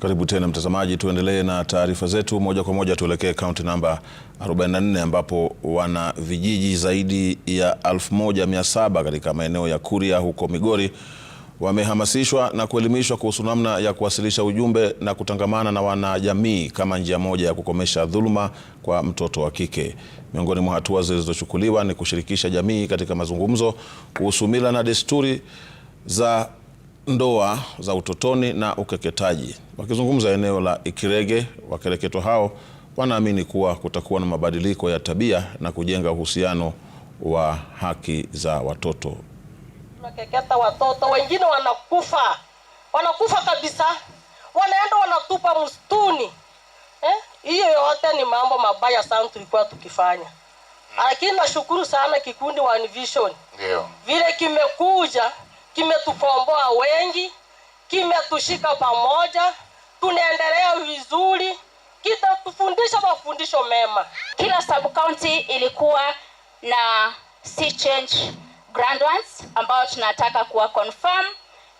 Karibu tena mtazamaji, tuendelee na taarifa zetu moja kwa moja. Tuelekee kaunti namba 44 ambapo wana vijiji zaidi ya 1700 katika maeneo ya Kuria huko Migori wamehamasishwa na kuelimishwa kuhusu namna ya kuwasilisha ujumbe na kutangamana na wanajamii kama njia moja ya kukomesha dhuluma kwa mtoto wa kike. Miongoni mwa hatua zilizochukuliwa ni kushirikisha jamii katika mazungumzo kuhusu mila na desturi za ndoa za utotoni na ukeketaji. Wakizungumza eneo la Ikirege, wakereketo hao wanaamini kuwa kutakuwa na mabadiliko ya tabia na kujenga uhusiano wa haki za watoto. Nakeketa watoto wengine wanakufa, wanakufa kabisa, wanaenda wanatupa msituni. Eh, hiyo eh, yote ni mambo mabaya sana tulikuwa tukifanya, lakini nashukuru sana kikundi wa ndio vile kimekuja kimetukomboa wengi, kimetushika pamoja, tunaendelea vizuri, kitatufundisha mafundisho mema. Kila sub county ilikuwa na sea change graduates ambao tunataka kuwa confirm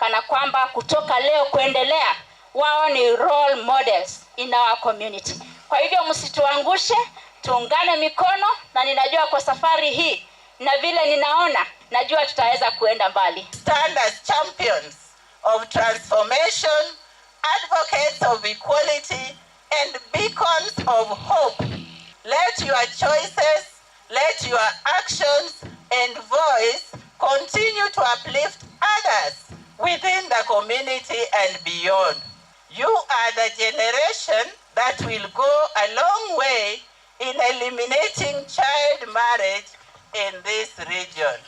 kana kwamba kutoka leo kuendelea wao ni role models in our community. Kwa hivyo msituangushe, tuungane mikono, na ninajua kwa safari hii na vile ninaona, najua tutaweza kuenda mbali. Stand as champions of transformation, advocates of equality and beacons of hope. Let your choices, let your actions and voice continue to uplift others within the community and beyond. You are the generation that will go a long way in eliminating child marriage in this region.